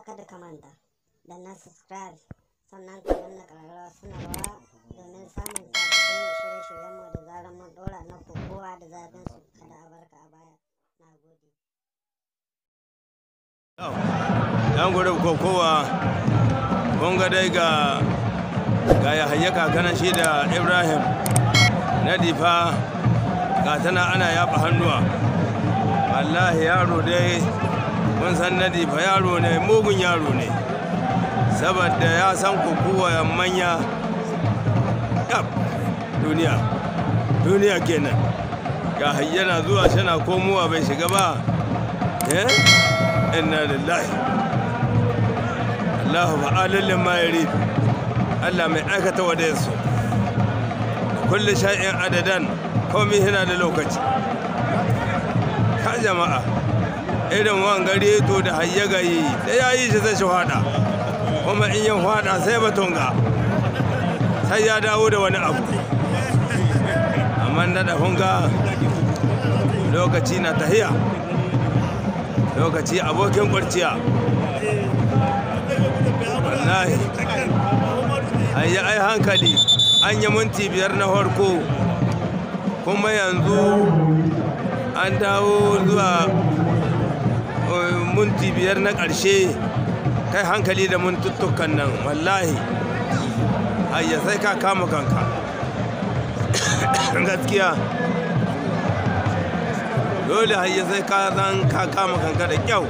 ka kada ka manta da na subscribe sannan ka danna ƙararrawa sanarwa domin samun sababbin shirye-shiryenmu da zarar mun ɗora na kowa da zafin su kada a barka a baya na gode yan kokowa kun ga dai ga ga ya hayya kakanan shi da ibrahim na difa ga tana ana yafa hannuwa wallahi yaro dai kun san nadi fa yaro ne mugun yaro ne saboda ya san ya manya duniya duniya kenan ga hayyana zuwa shana komowa bai shiga ba eh inna lillahi Allahu fa'alil lima Allah mai aikata wa da kulle sha'in shay'in adadan komai yana da lokaci ka jama'a irin wanga reto da hayyaga yi sai ya yi shi sai shi fada kuma in ya fada sai batunga sai ya dawo da wani abu amma na da hunga lokaci na tahiya lokaci abokin kwarciya wallahi an yi ai hankali an yi minti biyar na farko kuma yanzu an dawo zuwa minti biyar na ƙarshe kai hankali da mintuttukan nan wallahi ayya sai ka kama kanka gaskiya dole hayya sai ka zan ka kama kanka da kyau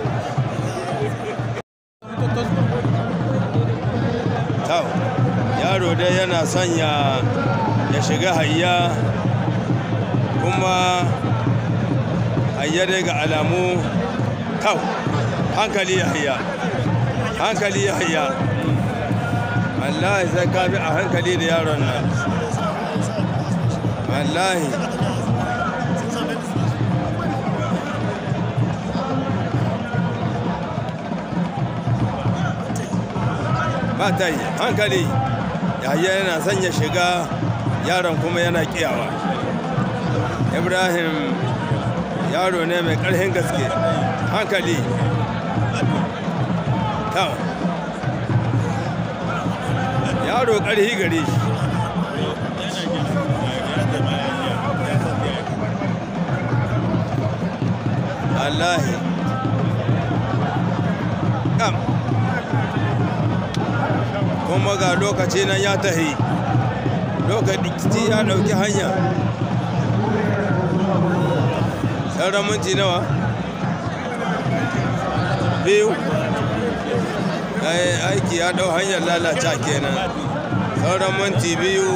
yaro dai yana sanya ya shiga hayya kuma hayya dai ga alamu kawai hankali yahya hankali yahya wallahi sai ka bi a hankali da yaron nan wallahi ba ta yi hankali yahya yana sanya shiga yaron kuma yana kiyawa ibrahim yaro ne mai ƙarfin gaske hankali yaro ƙarhi gare shi wallahi kam kuma ga lokaci nan ya tahi Lokacin lokaci ya ɗauki hanya sauran minti nawa biyu aiki ya dau hanyar lalata kenan sauran minti biyu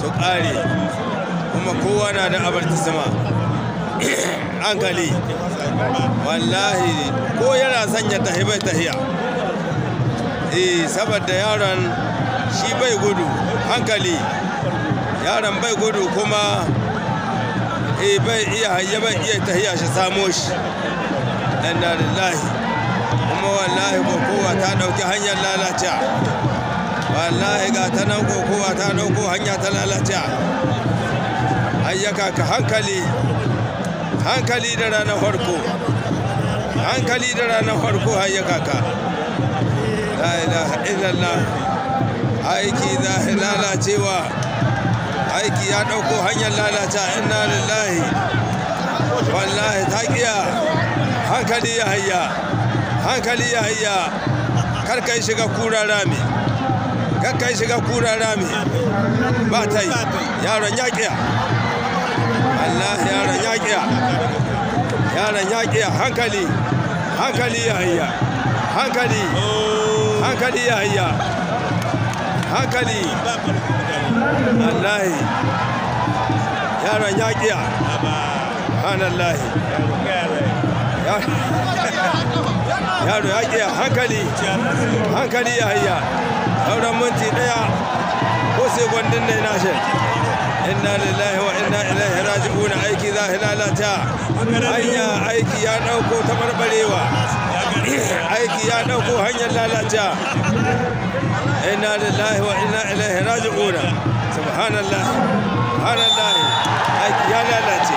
su ƙare kuma kowa na da abartisima hankali wallahi ko yana sanya tahi bai tahiya eh saboda yaron shi bai gudu hankali yaron bai gudu kuma eh bai iya hayya bai iya tahiya shi samo shi inna lillahi kuma wallahi kokowa ta ɗauki hanyar lalace wallahi ga ta nan kokowa ta ɗauko hanya ta lalace ayyaka ka hankali hankali da ranar farko hankali da ranar farko ayyaka ka la ilaha illallah aiki za lalacewa aiki ya ɗauko hanyar lalacewa, inna lillahi wallahi ta hankali ya hayya hankali ya iya karka yi shiga kura rami karka yi shiga kura rami ba ta yi yaron ya Allah yaron ya yaron yaƙiya hankali hankali ya iya hankali hankali ya iya hankali allahi yaron yaƙiya kiya lahi. yaro ya ke hankali hankali ya hayya sauran minti daya ko sai gwandun ne na shi inna lillahi wa inna ilaihi raji'un aiki za lalata hanya aiki ya dauko ta barbarewa aiki ya dauko hanyar lalata inna lillahi wa inna ilaihi raji'un subhanallah subhanallah aiki ya lalata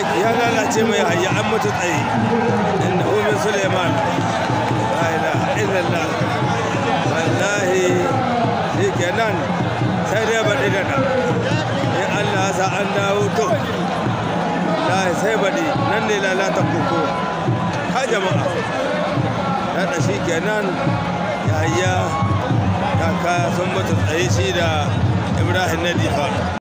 ya lalace mai hayya an mutu tsaye inda umar suleiman la illallah wallahi shi kenan sai dai baɗi da nan in allah sa an dawo to wallahi sai baɗi nan ne lalata koko ha jama'a daɗa shi kenan ta kaka sun mutu tsaye shi da ibrahim na difa